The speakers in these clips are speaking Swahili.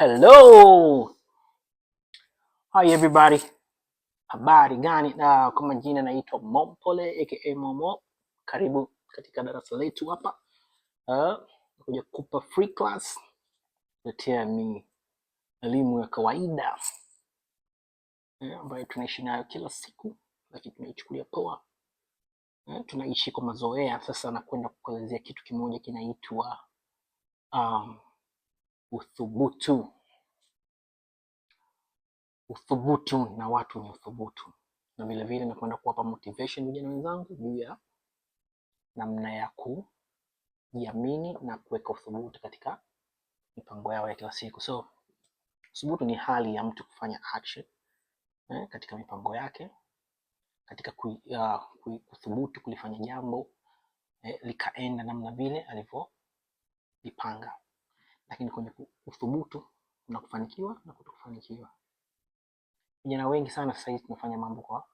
Hello. Hi everybody. Habari gani? Na kwa majina naitwa Mompole aka Momo. Karibu katika darasa letu hapa. Uh, ah, kuja kupa free class. Letea ni elimu ya kawaida eh, ambayo tunaishi nayo kila siku, lakini tunaichukulia poa. Eh, tunaishi kwa mazoea sasa na kukuelezea kitu kimoja kinaitwa um, uthubutu. Uthubutu na watu ni uthubutu, na vilevile nakwenda kuwapa motivation vijana wenzangu juu ya namna ya kujiamini na kuweka uthubutu katika mipango yao ya kila siku. So uthubutu ni hali ya mtu kufanya action eh, katika mipango yake, katika ku, uh, ah, kuthubutu kulifanya jambo eh, likaenda namna vile alivyolipanga lakini kwenye uthubutu kuna kufanikiwa na kutokufanikiwa. Vijana wengi sana sasa hivi tunafanya mambo kwa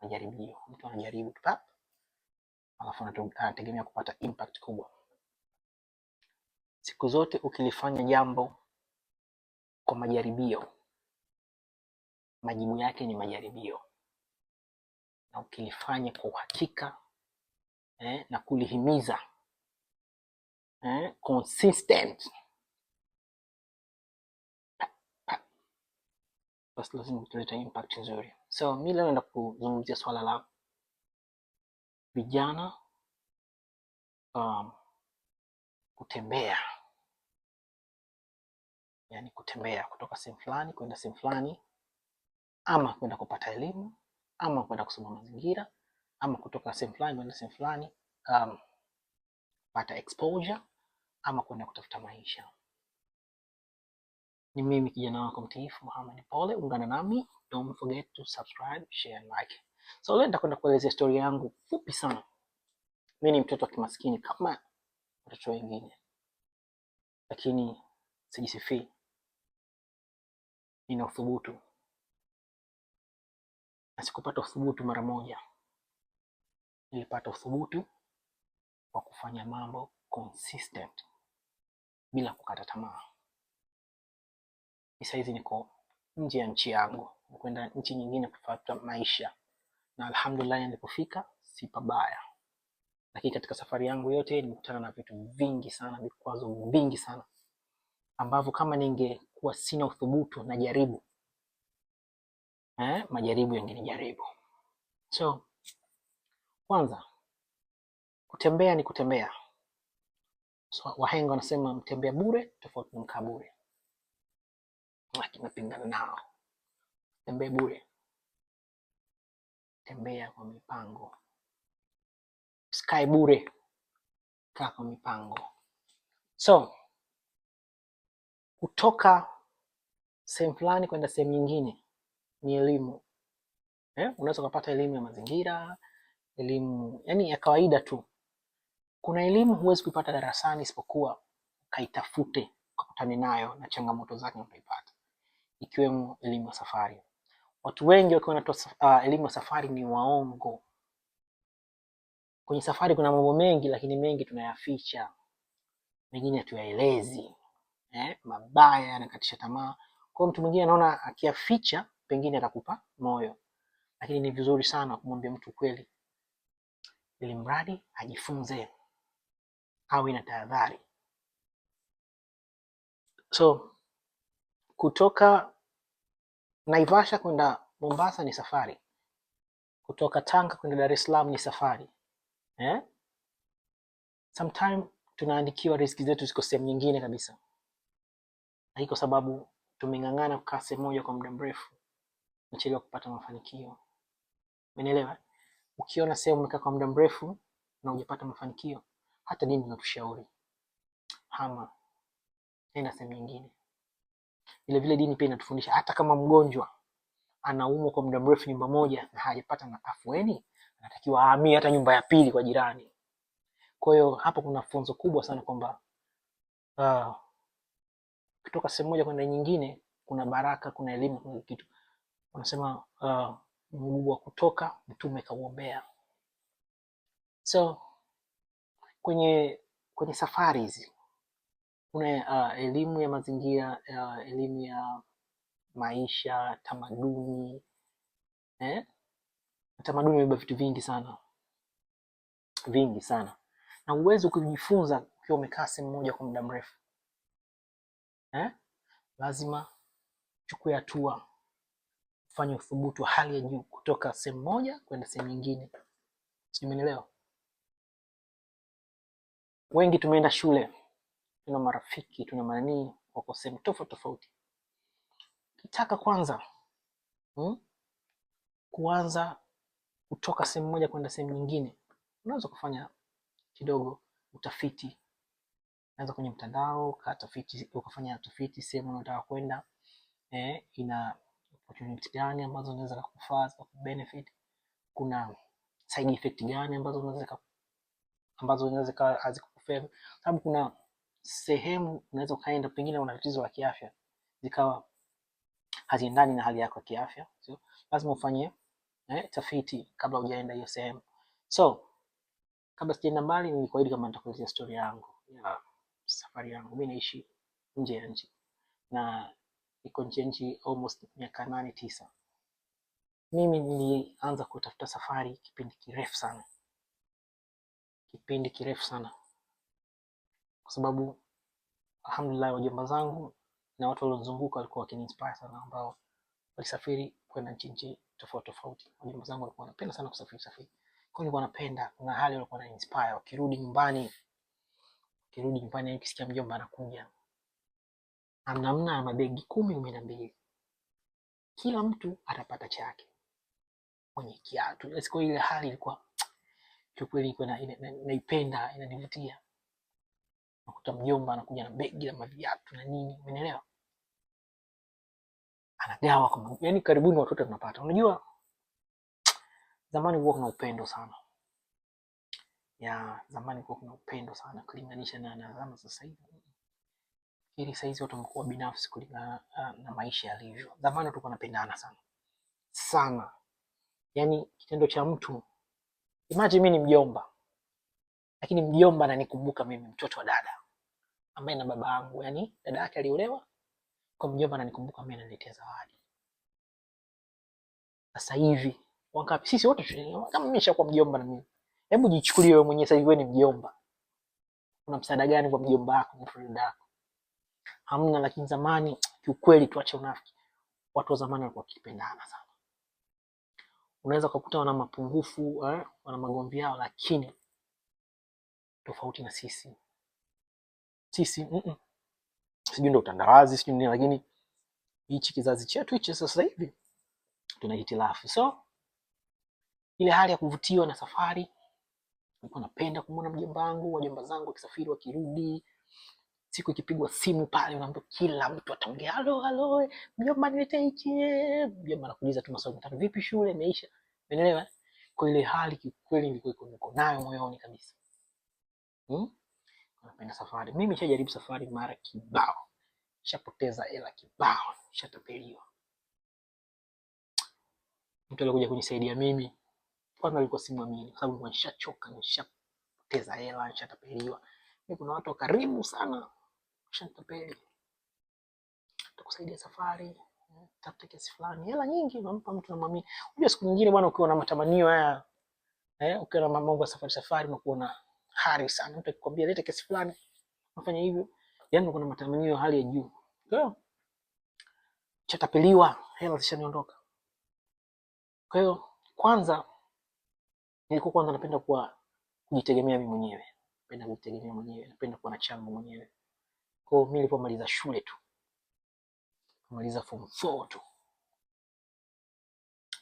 majaribio. Mtu anajaribu tu alafu anategemea kupata impact kubwa. Siku zote ukilifanya jambo kwa majaribio, majibu yake ni majaribio, na ukilifanya kwa uhakika eh, na kulihimiza eh, consistent basi lazima kuleta impact nzuri. So mi leo naenda kuzungumzia swala la vijana um, kutembea, yaani kutembea kutoka sehemu fulani kwenda sehemu fulani, ama kwenda kupata elimu, ama kwenda kusoma mazingira, ama kutoka sehemu fulani kwenda sehemu fulani um, pata exposure ama kwenda kutafuta maisha. Ni mimi kijana wako mtiifu Muhammad Pole, ungana nami. Don't forget to subscribe, share and like. So leo nitakwenda kuelezea story yangu fupi sana. Mimi ni mtoto wa kimaskini kama watoto wengine, lakini sijisifi nina uthubutu na sikupata uthubutu mara moja. Nilipata uthubutu wa kufanya mambo consistent bila kukata tamaa saizi niko nje ya nchi yangu, nikwenda nchi nyingine kufuata maisha, na alhamdulillah nilipofika si pabaya. Lakini katika safari yangu yote nimekutana na vitu vingi sana, vikwazo vingi sana ambavyo kama ningekuwa sina uthubutu na jaribu eh, majaribu yangenijaribu. So kwanza, kutembea ni kutembea. So, wahenga wanasema mtembea bure tofauti na mkaa bure lakini nao. Tembee bure, tembea kwa mipango. Sky bure, kaa kwa mipango. So kutoka sehemu fulani kwenda sehemu nyingine ni elimu eh? Unaweza ukapata elimu ya mazingira, elimu yani ya kawaida tu. Kuna elimu huwezi kuipata darasani, isipokuwa ukaitafute ukakutane nayo na changamoto zake utaipata ikiwemo elimu ya safari. Watu wengi wakiwa wanatoa uh, elimu ya safari ni waongo. Kwenye safari kuna mambo mengi, lakini mengi tunayaficha, mengine hatuyaelezi eh, mabaya yanakatisha tamaa. Kwa mtu mwingine anaona akiyaficha pengine atakupa moyo, lakini ni vizuri sana kumwambia mtu kweli, ili mradi ajifunze, awe na tahadhari. So kutoka Naivasha kwenda Mombasa ni safari, kutoka Tanga kwenda Dar es Salaam ni safari eh? Sometime tunaandikiwa riziki zetu ziko sehemu nyingine kabisa, na hii kwa sababu tumeng'ang'ana kukaa sehemu moja kwa muda mrefu, nachelewa kupata mafanikio. Umeelewa? Ukiona sehemu umekaa kwa muda mrefu na hujapata mafanikio, hata nini natushauri hama, nenda sehemu nyingine. Vilevile dini pia inatufundisha hata kama mgonjwa anaumwa kwa muda mrefu nyumba moja na hajapata na afueni, anatakiwa ahamie hata nyumba ya pili kwa jirani. Kwa hiyo hapa kuna funzo kubwa sana kwamba uh, kutoka sehemu moja kwenda nyingine kuna baraka, kuna elimu, kuna kitu wanasema uh, mguu wa kutoka mtume kauombea. So kwenye kwenye safari hizi kuna uh, elimu ya mazingira uh, elimu ya maisha, tamaduni eh? Tamaduni imebeba vitu vingi sana vingi sana, na uwezi kujifunza ukiwa umekaa sehemu moja kwa muda mrefu eh? Lazima chukue hatua, ufanye uthubutu wa hali ya juu kutoka sehemu moja kwenda sehemu nyingine, sijui Wengi tumeenda shule tuna marafiki, tuna mananii wako sehemu tofauti tofauti. Kitaka kwanza hmm, kuanza kutoka sehemu moja kwenda sehemu nyingine, unaweza kufanya kidogo utafiti, naweza kwenye mtandao ka tafiti, ukafanya tafiti sehemu unataka kwenda eh, ina opportunity gani ambazo unaweza kufaa za benefit, kuna side effect gani ambazo unaweza ambazo unaweza hazikufavor, sababu kuna sehemu unaweza ukaenda, pengine una tatizo la kiafya zikawa haziendani na hali yako ya kiafya, sio lazima ufanye eh, tafiti kabla hujaenda hiyo sehemu. So kabla sijaenda mbali, nilikuahidi kama nitakuelezea story yangu ya safari yangu. Mimi naishi nje ya nchi na iko nje nchi almost miaka nane tisa. Mimi nilianza kutafuta safari kipindi kirefu sana, kipindi kirefu sana kwa sababu alhamdulillah wajomba zangu na watu walionizunguka walikuwa wakiniinspire sana, ambao walisafiri kwenda nchi nchi tofauti tofauti. Wajomba zangu walikuwa wanapenda sana kusafiri safiri, kwa hiyo nilikuwa napenda, kuna hali walikuwa na inspire wakirudi nyumbani, wakirudi nyumbani, yani kisikia mjomba anakuja amnamna mabegi kumi kumi na mbili, kila mtu atapata chake mwenye kiatu. Siku ile hali ilikuwa kiukweli, ilikuwa naipenda, inanivutia. Unakuta mjomba anakuja na begi la maviatu na nini, umeelewa? Anagawa kwa yani, karibuni watoto tunapata. Unajua zamani kulikuwa kuna upendo sana ya zamani kulikuwa kuna upendo sana kulinganisha na nazama sasa hivi. Ili saizi watu wamekuwa binafsi kulingana ah, na maisha yalivyo. Zamani watu wanapendana sana sana, yani kitendo cha mtu imagine, mimi ni mjomba lakini mjomba ananikumbuka mimi mtoto wa dada, ambaye na baba yangu, yani dada yake aliolewa kwa mjomba, ananikumbuka mimi, ananiletea zawadi. Sasa hivi wangapi sisi wote tunaelewa kama mimi nishakuwa mjomba na mimi, hebu jichukulie wewe mwenyewe. Sasa hivi wewe ni mjomba, una msaada gani kwa mjomba wako, mtu dada yako? Hamna. Lakini zamani kiukweli, tuache unafiki, watu wa zamani walikuwa wakipendana sana. Unaweza kukuta wana mapungufu eh, wana magomvi yao, lakini tofauti na sisi sisi mm -mm. Sijui ndio utandawazi sijui nini, lakini hichi kizazi chetu hichi sasa hivi tuna hitilafu. So ile hali ya kuvutiwa na safari, nilikuwa napenda kumuona mjomba wangu, wajomba zangu wakisafiri, wakirudi siku ikipigwa simu pale, unaambia kila mtu ataongea halo halo, mjomba nilete hichi. Mjomba anakuuliza tu maswali matatu, vipi shule imeisha? Unaelewa? Kwa ile hali kikweli, nilikuwa niko nayo moyoni kabisa hmm? unapenda safari. Mimi nishajaribu safari mara kibao, nishapoteza hela kibao, nishatapeliwa. Mtu alikuja kunisaidia mimi, kwanza alikuwa simwamini, kwa sababu nishachoka, nishapoteza hela, nishatapeliwa. Mimi kuna watu wa karibu sana shatapeli, takusaidia safari, tafuta kiasi fulani, hela nyingi unampa mtu na mwamini. Unajua siku nyingine bwana, ukiwa na matamanio haya eh, ukiwa na mambo ya safari safari, unakuona kali sana. Mtu akikwambia leta kesi fulani, unafanya hivyo, yani kuna matamanio hali ya juu. Kwa hiyo chatapeliwa, hela zishaniondoka. Kwa hiyo kwanza nilikuwa kwanza napenda kuwa kujitegemea mimi mwenyewe, napenda kujitegemea mwenyewe, napenda kuwa na changu mwenyewe. Kwa hiyo mimi nilipomaliza shule tu, kumaliza form 4 tu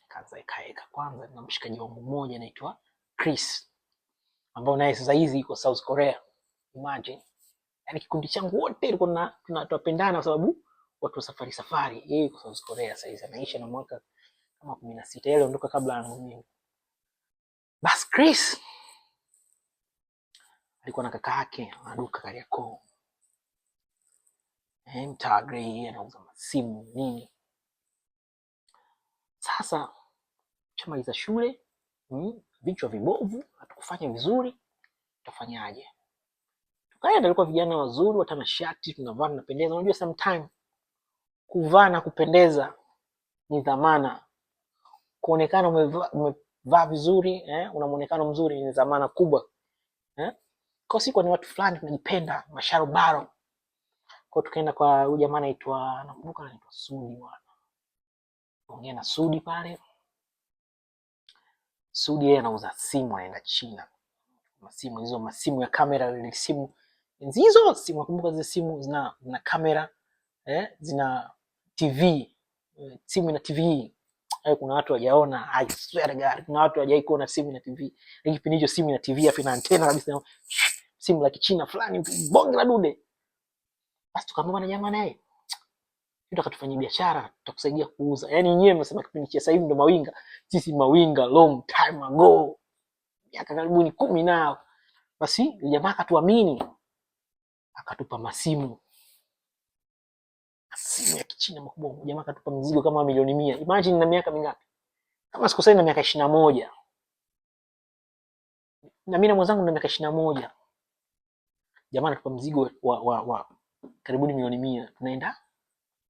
kaza ikaeka kwanza na mshikaji wangu mmoja anaitwa Chris ambao naye sasa hizi iko South Korea. Imagine, Yaani kikundi changu wote ilikuwa tunatupendana kwa sababu watu wa safari safari. Yeye iko South Korea sasa hizi anaisha na mwaka kama 16, yeye aliondoka kabla ya mimi. Bas Chris alikuwa na kaka yake duka Kariakoo, eh, mtaa Grey, yeye anauza masimu nini. Sasa chamaliza shule mm, vichwa vibovu, hatukufanya vizuri, tutafanyaje? Tukaenda, tulikuwa vijana wazuri, watanashati, tunavaa tunapendeza. Unajua sometime kuvaa na kupendeza ni dhamana, kuonekana umevaa vizuri eh, una muonekano mzuri ni dhamana kubwa eh? Kwa siku ni watu fulani tunajipenda masharobaro kwa tukaenda kwa huyu jamaa anaitwa, nakumbuka anaitwa Sudi bwana, ongea na Sudi pale Sudi yeye anauza simu, anaenda China, masimu hizo, masimu ya kamera, simu nzizo simu nakumbuka zile simu zina, zina kamera eh, zina TV, eh, simu ina TV. Hayo eh, kuna watu wajaona, I swear God, kuna watu wajai kuona simu ina TV. Ni kipindi hicho simu ina TV hapo ina antena kabisa, simu la like Kichina fulani, bonge la dude. Basi tukamwona jamaa naye nenda tufanye biashara, tutakusaidia kuuza. Yani nyewe mnasema kipindi cha sasa hivi ndo mawinga, sisi mawinga long time ago, miaka karibuni kumi nao. Basi jamaa akatuamini, akatupa masimu masimu ya kichina makubwa. Jamaa akatupa mzigo kama milioni mia. Imagine na miaka mingapi? Kama sikosei na miaka ishirini na moja na mimi na mwenzangu na miaka ishirini na moja. Jamaa anatupa mzigo wa, wa, wa karibuni milioni mia, tunaenda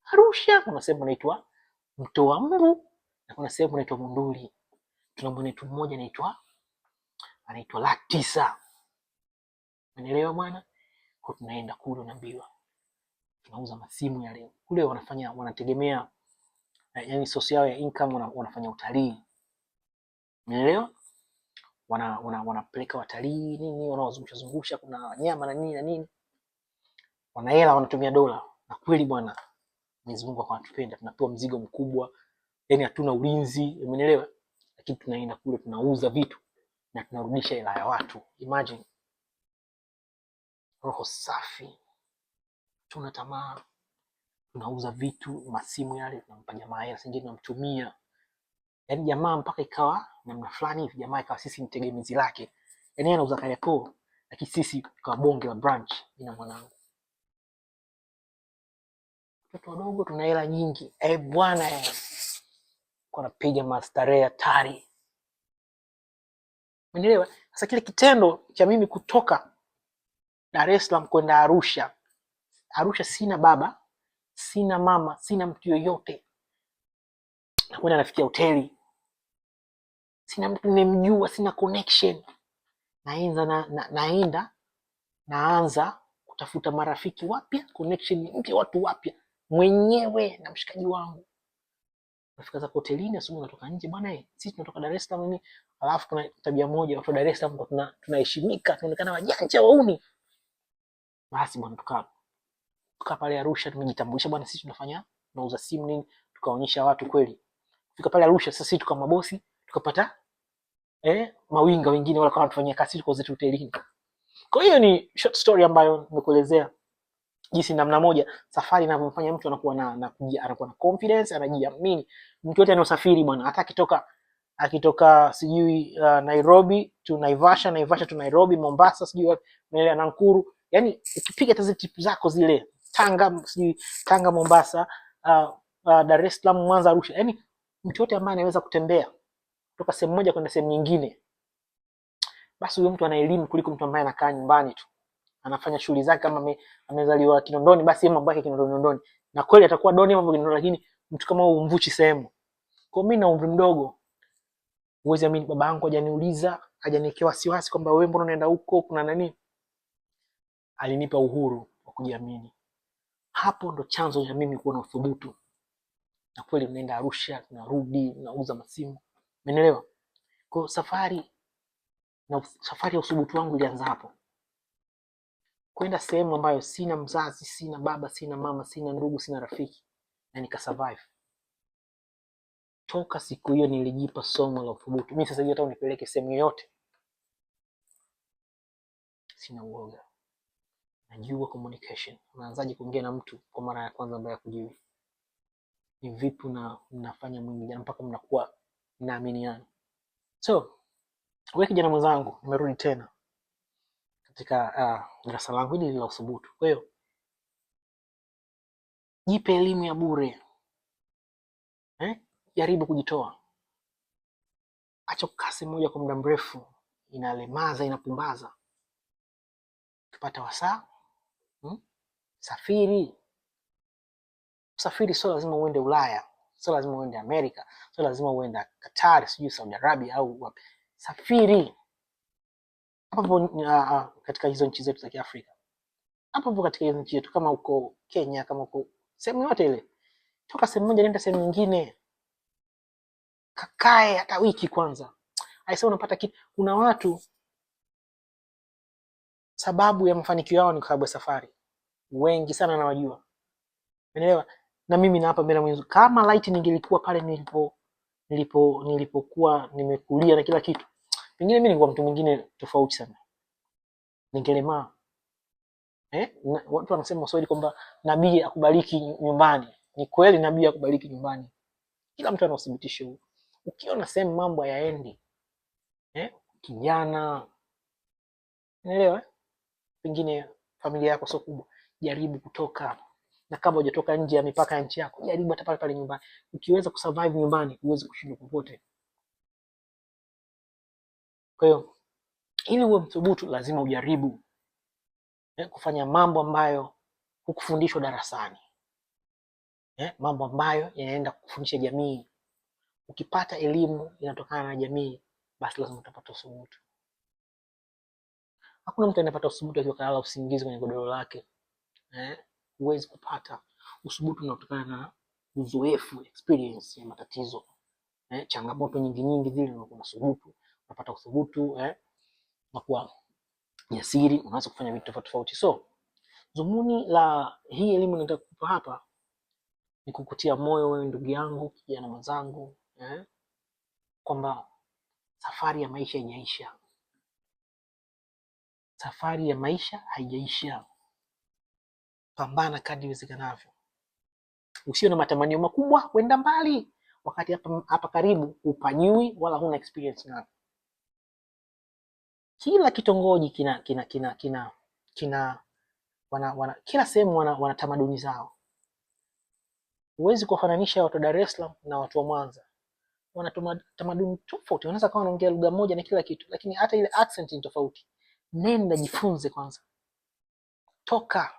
Arusha kuna sehemu inaitwa mto wa Mbu na kuna sehemu inaitwa Munduli. Tuna mwenetu mmoja anaitwa anaitwa Latisa, unaelewa mwana kwa, tunaenda kule, unaambiwa tunauza masimu yale kule, wanafanya wanategemea yani source yao ya income, wana, wanafanya utalii, unaelewa wana wana wanapeleka watalii nini, wanawazungusha zungusha, kuna nyama na nini na nini, wanahela wanatumia dola na kweli bwana Mwenyezi Mungu akawa anatupenda, tunapewa mzigo mkubwa, yani hatuna ulinzi, umeelewa? Lakini tunaenda kule tunauza vitu na tunarudisha hela ya watu. Imagine roho safi, tuna tamaa, tunauza vitu, masimu yale tunampa jamaa hela, singine tunamtumia yani jamaa mpaka ikawa namna fulani hivi, jamaa ikawa sisi mtegemezi lake, yani anauza Kariakoo, lakini sisi kwa bonge la branch. Ina mwanangu mtoto wadogo tuna hela nyingi. Eh bwana, eh. napiga mastarehe hatari, umeelewa? Sasa kile kitendo cha mimi kutoka Dar es Salaam kwenda Arusha, Arusha sina baba, sina mama, sina mtu yoyote, nakwenda nafikia hoteli, sina mtu nimemjua, sina connection, Naenza, na, na, naenda naanza kutafuta marafiki wapya, connection mpya, watu wapya mwenyewe na mshikaji wangu. Nafika za hotelini asubuhi, natoka nje bwana, eh, sisi tunatoka Dar es Salaam alafu kuna tabia moja, watu wa Dar es Salaam kwa tuna tunaheshimika, tunaonekana wajanja wauni. Basi bwana, tukaa tukaa pale Arusha, tumejitambulisha bwana, sisi tunafanya tunauza simu nini, tukaonyesha watu kweli. Fika pale Arusha sasa, sisi tukawa mabosi, tukapata eh, mawinga wengine wale kama tufanyia kazi kwa zetu hotelini. Kwa hiyo ni short story ambayo nimekuelezea jinsi namna moja safari inavyomfanya mtu anakuwa na, na, kujia, anakuwa na confidence, anajiamini. Mtu yote anayosafiri bwana, hata akitoka akitoka sijui uh, Nairobi tu Naivasha, Naivasha tu Nairobi, Mombasa sijui wapi, unaelewa, Nankuru, yani ukipiga tazi tip zako zile Tanga, sijui Tanga, Mombasa, uh, uh, Dar es Salaam, Mwanza, Arusha, yani mtu yote ambaye anaweza kutembea kutoka sehemu moja kwenda sehemu nyingine, basi huyo mtu ana elimu kuliko mtu ambaye anakaa nyumbani tu anafanya shughuli zake kama amezaliwa Kinondoni, basi yeye mambo yake Kinondoni Kinondoni, na kweli atakuwa doni mambo Kinondoni, lakini mtu kama huyu umvuchi sehemu. Kwa mimi na umri mdogo, uwezi amini, baba yangu hajaniuliza, hajaniwekea wasiwasi kwamba wewe mbona unaenda huko, kuna nani. Alinipa uhuru wa kujiamini. Hapo ndo chanzo cha mimi kuwa na uthubutu, na kweli tunaenda Arusha, tunarudi, tunauza masimu, umeelewa? Kwa safari na safari ya uthubutu wangu ilianza hapo kwenda sehemu ambayo sina mzazi, sina baba, sina mama, sina ndugu, sina rafiki na survive. Toka siku hiyo nilijipa somo la uthubutu. Mimi sasa hivi hata unipeleke sehemu yoyote, sina uoga, najua communication. Unaanzaje kuongea na mtu kwa mara ya kwanza ambaye hakujui ni vipi, na mnafanya mwingiliano mpaka mnakuwa mnaaminiana. So we kijana mwenzangu, nimerudi tena katika ah, darasa uh, langu hili la usubutu Kwa hiyo jipe elimu ya bure eh? Jaribu kujitoa, acha kasi moja kwa muda mrefu, inalemaza inapumbaza. Ukipata wasaa hmm? Safiri. Safiri sio lazima uende Ulaya, sio lazima uende Amerika, sio lazima uende Katari, sijui Saudi Arabia au wapi. Safiri hapo ah, ah, katika hizo nchi zetu za Kiafrika, hapo katika hizo nchi zetu, kama uko Kenya, kama uko sehemu yote ile, toka sehemu moja nenda sehemu nyingine, kakae hata wiki kwanza, aisee, unapata kitu. Kuna watu sababu ya mafanikio yao ni kwa sababu ya safari, wengi sana nawajua, unaelewa. Na mimi na hapa mbele mwenyewe, kama light ningelikuwa pale nilipo nilipo nilipokuwa nimekulia na kila kitu Pengine mimi nilikuwa mtu mwingine tofauti sana, ningelemaa eh? Watu wanasema Waswahili kwamba nabii akubariki nyumbani. Ni kweli, nabii akubariki nyumbani, kila mtu ana uthibitisho huu. Ukiona sehemu mambo hayaendi eh? Kijana unaelewa, eh? pengine familia yako sio kubwa, jaribu kutoka, na kama hujatoka nje ya mipaka ya nchi yako, jaribu hata pale pale nyumbani. Ukiweza kusurvive nyumbani, huwezi kushindwa popote. Kwa hiyo ili uwe mthubutu, lazima ujaribu eh, kufanya mambo ambayo hukufundishwa darasani eh, mambo ambayo yanaenda kufundisha jamii. Ukipata elimu inatokana na jamii, basi lazima utapata uthubutu. Hakuna mtu anayepata uthubutu akiwa kalala usingizi kwenye godoro lake eh, huwezi kupata uthubutu. Unatokana na uzoefu, experience ya matatizo eh, changamoto nyingi nyingi zile, ndio subutu unapata uthubutu eh, kuwa jasiri, unaanza kufanya vitu tofauti tofauti. So dhumuni la hii elimu nataka kukupa hapa ni kukutia moyo wewe, ndugu yangu, kijana mwenzangu eh, kwamba safari ya maisha haijaisha, safari ya maisha haijaisha. Pambana kadri iwezekanavyo, usio na matamanio makubwa, wenda mbali, wakati hapa hapa karibu upajui wala huna experience nayo. Kila kitongoji kina kina kina kina kina wana, wana, kila sehemu wana, wana tamaduni zao. Huwezi kuwafananisha watu wa Dar es Salaam na watu wa Mwanza, wana tamaduni tofauti. Wanaweza kama wanaongea lugha moja na kila kitu, lakini hata ile accent ni tofauti. Nenda jifunze kwanza, toka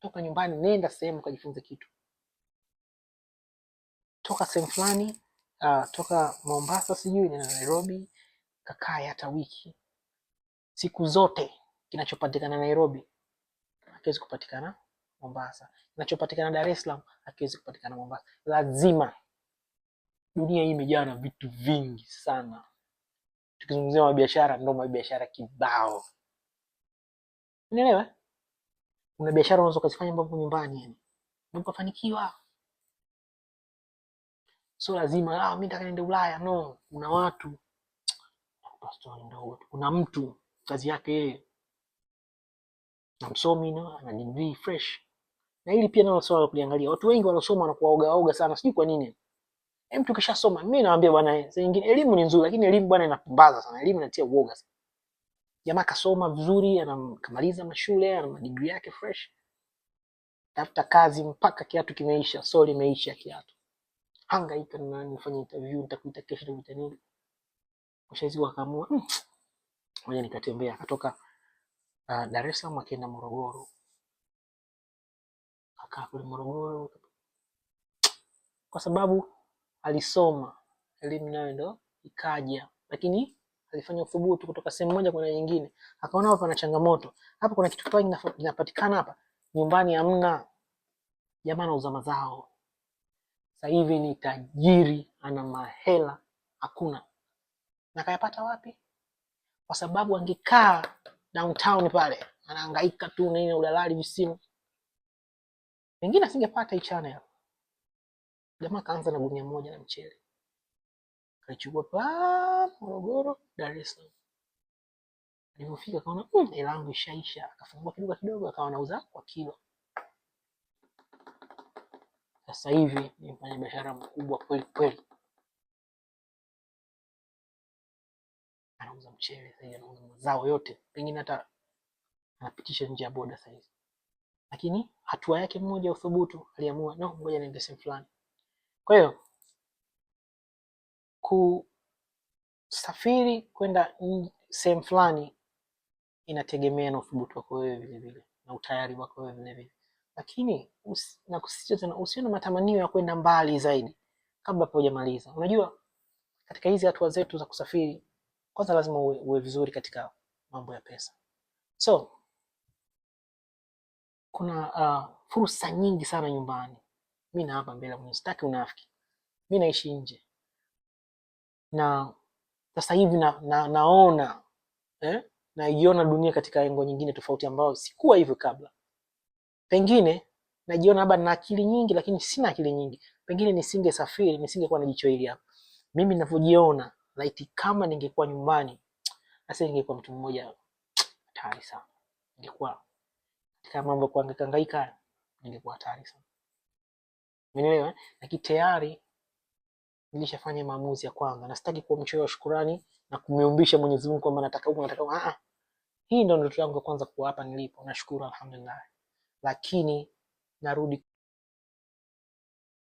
toka nyumbani, nenda sehemu kajifunze kitu, toka sehemu fulani uh, toka Mombasa sijui na Nairobi, kakaa hata wiki siku zote kinachopatikana Nairobi hakiwezi kupatikana Mombasa, kinachopatikana Dar es Salaam hakiwezi kupatikana Mombasa. Lazima, dunia hii imejaa na vitu vingi sana. Tukizungumzia mabiashara, ndo mabiashara kibao, unielewa. Una biashara unaweza ukazifanya mbapo nyumbani ukafanikiwa. So lazima ah, mi nataka niende Ulaya. No, kuna watu, kuna mtu kazi yake yeye na msomi na ni mvii fresh. Na hili pia nalo swala la kuliangalia. Watu wengi wanasoma wanakuwa oga oga sana, sijui kwa nini. Hem, kishasoma, mimi naambia bwana, zingine elimu ni nzuri, lakini elimu bwana inapumbaza sana, elimu inatia uoga sana. Jamaa kasoma vizuri, anakamaliza mashule, ana madigrii yake fresh, tafuta kazi mpaka kiatu kimeisha, soli imeisha kiatu, hangaika na nifanye interview, nitakuita kesho, nitakuita nini, mshaizi wakaamua moja nikatembea, akatoka uh, ah, Dar es Salaam akaenda Morogoro, akaa kule Morogoro kwa sababu alisoma elimu nayo ndo ikaja, lakini alifanya uthubutu kutoka sehemu moja kwenda nyingine, akaona hapa pana changamoto, hapa kuna kitu kingi kinapatikana hapa, nyumbani hamna. Jamaa anauza mazao sasa hivi, ni tajiri, ana mahela, hakuna. Na kayapata wapi? kwa sababu angekaa downtown pale anahangaika tu nini, udalali, visimu, pengine asingepata hii channel. Jamaa kaanza na gunia moja la mchele, kaichukua pa Morogoro, Dar es Salaam. Alipofika akaona mm, elangu ishaisha, akafungua kiduka kidogo, akawa anauza kwa kilo. Sasa hivi ni mfanyabiashara mkubwa kweli kweli. anauza mchele saizi, anauza mazao yote, pengine hata anapitisha nje ya boda saizi. Lakini hatua yake mmoja ya uthubutu, aliamua no, ngoja niende sehemu fulani. Kwa hiyo kusafiri kwenda sehemu fulani inategemea na uthubutu wako wewe vilevile na utayari wako wewe vilevile, lakini us, na kusisitiza tena usiwe na matamanio ya kwenda mbali zaidi kabla hapo hujamaliza. Unajua, katika hizi hatua zetu za kusafiri kwanza lazima uwe, uwe vizuri katika mambo ya pesa. So kuna uh, fursa nyingi sana nyumbani. Mimi na hapa mbele mwenye sitaki unafiki, mimi naishi nje na sasa hivi na, na, naona eh, naiona dunia katika engo nyingine tofauti ambayo sikuwa hivyo kabla. Pengine najiona labda na akili nyingi, lakini sina akili nyingi. Pengine nisingesafiri, nisingekuwa na jicho hili hapa. Mimi ninavyojiona laiti kama ningekuwa nyumbani, sasa ningekuwa mtu mmoja hatari sana, ningekuwa katika mambo kuhangaika ningekuwa hatari sana, umeelewa? Eh? Lakini tayari nilishafanya maamuzi ya kwanza, na sitaki kuwa mchoyo wa shukurani na kumyumbisha Mwenyezi Mungu kwamba nataka huko nataka ah, hii ndio ndoto yangu ya kwanza kuwa hapa nilipo. Nashukuru, alhamdulillah, lakini narudi